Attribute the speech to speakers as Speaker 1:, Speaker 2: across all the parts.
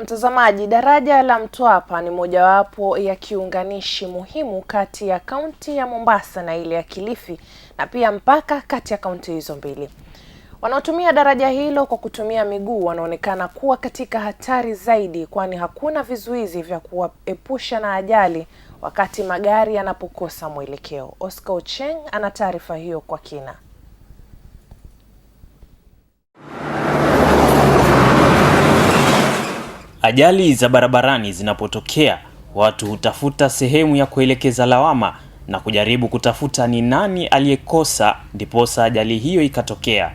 Speaker 1: Mtazamaji, daraja la Mtwapa ni mojawapo ya kiunganishi muhimu kati ya kaunti ya Mombasa na ile ya Kilifi na pia mpaka kati ya kaunti hizo mbili. Wanaotumia daraja hilo kwa kutumia miguu wanaonekana kuwa katika hatari zaidi, kwani hakuna vizuizi vya kuwaepusha na ajali wakati magari yanapokosa mwelekeo. Oscar Ocheng ana taarifa hiyo kwa kina.
Speaker 2: Ajali za barabarani zinapotokea, watu hutafuta sehemu ya kuelekeza lawama na kujaribu kutafuta ni nani aliyekosa ndiposa ajali hiyo ikatokea.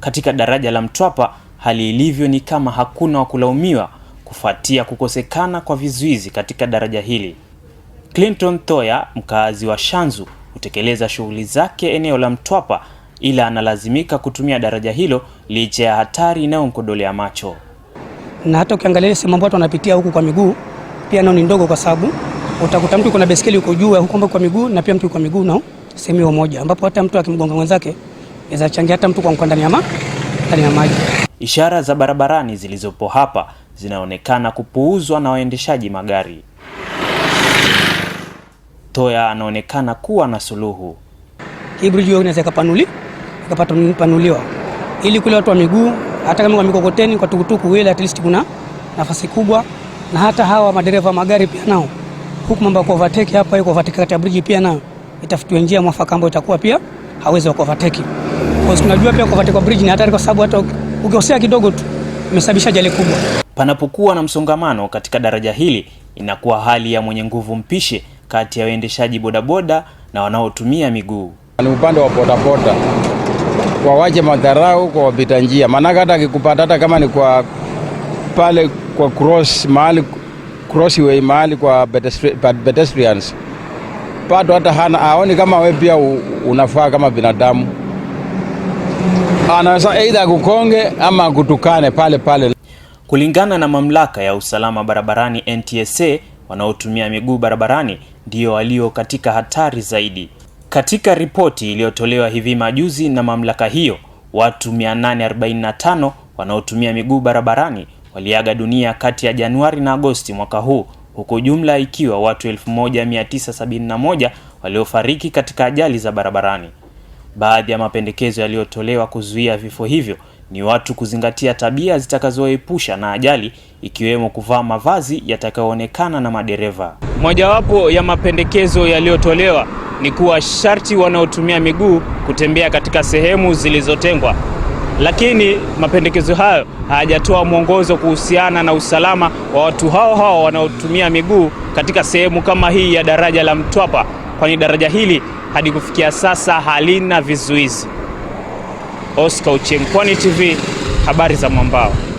Speaker 2: Katika daraja la Mtwapa hali ilivyo ni kama hakuna wa kulaumiwa kufuatia kukosekana kwa vizuizi katika daraja hili. Clinton Thoya, mkaazi wa Shanzu, hutekeleza shughuli zake eneo la Mtwapa ila analazimika kutumia daraja hilo licha ya hatari inayomkodolea macho.
Speaker 3: Na hata ukiangalia sehemu ambayo watu wanapitia huku kwa miguu pia nao ni ndogo, kwa sababu utakuta mtu kuna baiskeli uko juu huko ambapo kwa miguu na pia mtu kwa miguu nao sehemu hiyo moja, ambapo hata mtu akimgonga mwenzake inaweza changia hata mtu kuanguka ndani ya maji.
Speaker 2: Ishara za barabarani zilizopo hapa zinaonekana kupuuzwa na waendeshaji magari. Toya anaonekana kuwa na suluhu
Speaker 3: hii bridge inaweza ikapanuliwa ikapanuliwa ili kule watu wa miguu, hata kama kwa mikokoteni, kwa tukutuku, ile at least kuna nafasi kubwa, na hata hawa madereva magari pia nao huku mambo ya overtake hapa, hiyo kuovertake kati ya bridge pia nao itafutiwe njia mwafaka ambayo itakuwa pia hawezi overtake, kwa sababu tunajua pia overtake kwa bridge ni hatari, kwa sababu hata ukikosea kidogo tu umesababisha ajali kubwa.
Speaker 2: Panapokuwa na msongamano katika daraja hili, inakuwa hali ya mwenye nguvu mpishe kati ya waendeshaji bodaboda na wanaotumia miguu.
Speaker 4: Ni upande wa bodaboda wawache madharau kwa wapita njia, maanake hata akikupata hata kama ni kwa pale kwa cross mahali crossway mahali kwa pedestrians pato hata hana aoni kama we pia unafaa kama binadamu, anaweza aidha akukonge ama akutukane pale pale.
Speaker 2: Kulingana na mamlaka ya usalama barabarani NTSA, wanaotumia miguu barabarani ndio walio katika hatari zaidi. Katika ripoti iliyotolewa hivi majuzi na mamlaka hiyo, watu 845 wanaotumia miguu barabarani waliaga dunia kati ya Januari na Agosti mwaka huu, huku jumla ikiwa watu 1971 waliofariki katika ajali za barabarani. Baadhi ya mapendekezo yaliyotolewa kuzuia vifo hivyo ni watu kuzingatia tabia zitakazoepusha na ajali ikiwemo kuvaa mavazi yatakayoonekana na madereva.
Speaker 5: Mojawapo ya mapendekezo yaliyotolewa ni kuwa sharti wanaotumia miguu kutembea katika sehemu zilizotengwa, lakini mapendekezo hayo hayajatoa mwongozo kuhusiana na usalama wa watu hao hao wanaotumia miguu katika sehemu kama hii ya daraja la Mtwapa, kwani daraja hili hadi kufikia sasa halina vizuizi.
Speaker 2: Oscar Ochieng, Pwani TV, habari za mwambao.